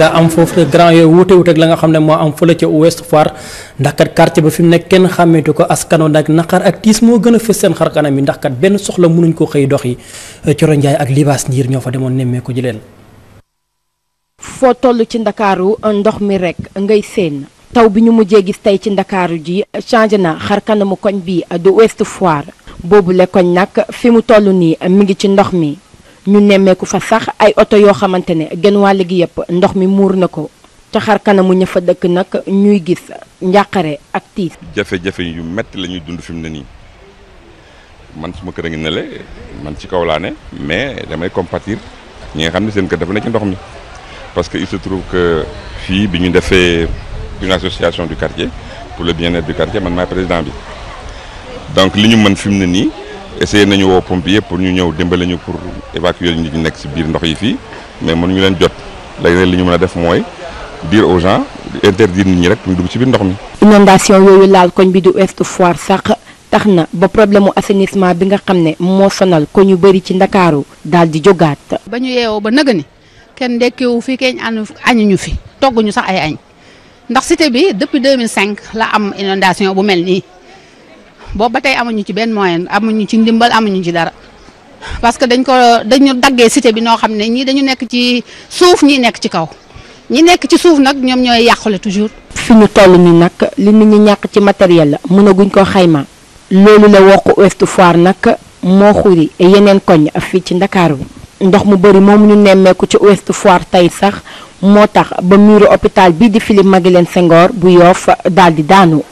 la am foofu te grand yooyu wuute wuute ak la nga xam ne moo am fële ca Ouest Foire ndax kat quartier ba fi mu nekk kenn xàmmeetu ko askano nag naqar ak tiis moo gën a fës seen xarkanam yi ndax kat benn soxla mënuñ ko xëy dox yi Coro Ndiaye ak Libaas Ndiir ñoo fa demoon nemmeeku ji leen. foo toll ci ndakaaru ndox mi rekk ngay seen taw bi ñu mujjee gis tey ci ndakaaru ji changé na xarkanamu koñ bi du Ouest Foire boobu le koñ nag fi mu toll nii mi ngi ci ndox mi. ñu nemmeeku fa sax ay oto yoo xamante ne genn wàll gi yëpp ndox mi muur na ko ca xar kanamu ña fa dëkk nag ñuy gis njàqare ak tiis. jafe-jafe yu metti la ñuy dund fi mu ne nii man suma kër a ngi nele man ci kaw laa ne mais damay compatir ñi nga xam ne seen kër dafa ne ci ndox mi parce que il se trouve que fii bi ñu defee une association du quartier pour le bien-être du quartier man maa président bi donc li ñu mën fi mu ne nii. essayé nañu woo pompier pour ñu ñëw dimbale ñu pour évacuer nit ñi nekk ci biir ndox yi fii mais mënuñu leen jot léeg-léeg li ñu mën a def mooy dire aux gens interdire nit ñi rek ñu dugg ci biir ndox mi. inondation yooyu laal koñ bi du Ouest Foire sax tax na ba problème mu assainissement bi nga xam ne moo sonal ko ñu bëri ci ndakaaru daal di jogaat ba ñu yeewoo ba naga ni kenn ndekkiwu fi kenn añuñu fi ñu sax ay añ ndax cité bi depuis 2005 la am inondation bu mel nii. boobu ba tey amuñu ci benn moyen amuñu ci ndimbal amuñu ci dara parce que dañ ko dañu daggee cité bi noo xam ne ñii dañu nekk ci suuf ñii nekk ci kaw ñi nekk ci suuf nag ñoom ñooy yàqule toujours. fi ñu toll nii nag li nit ñi ñàkk ci matériel la mënaguñ koo xayma. loolu la wokk Ouest Foire nag moo xuri yeneen koñ fii ci Ndakaaru ndox mu bëri moom ñu nemmeeku ci Ouest Foire tey sax moo tax ba muru hôpital bii di Philippe Maguilène Senghor bu Yoff daal di daanu.